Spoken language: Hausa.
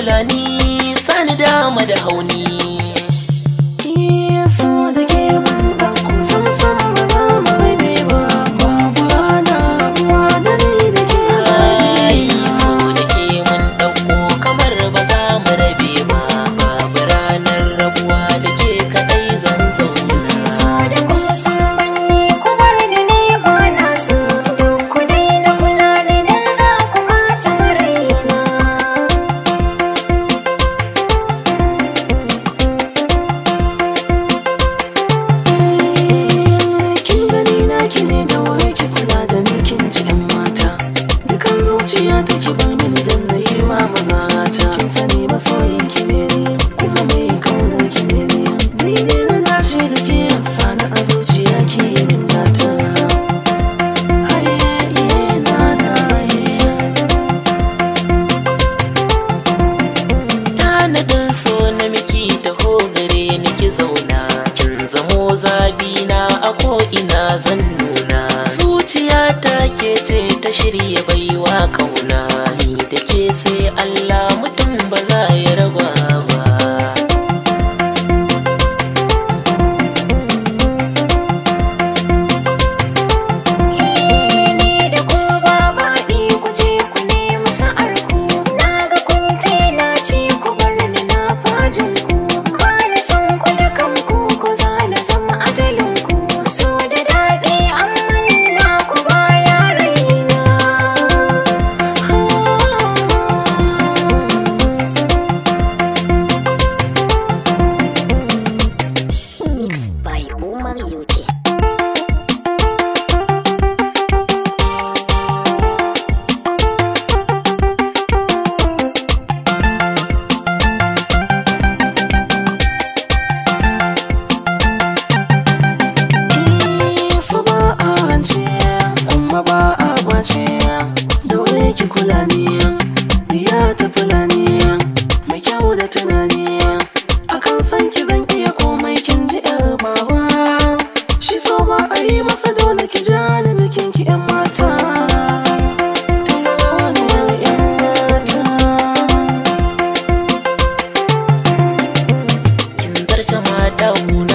fulani sani dama da hauni zuciya take ba ni zudan na yi wa maza kin sani ba soyin ni kuma mai kaunar ki ne ni ni ne na lashe da ke sani a zuciya ki yi min data Tanadin so na miki taho gare ni ki zauna kin zamo zabina a ko ina zan nuna zuciya ta ke ce ta shirya bai kauna ni da ce sai Allah mutum help.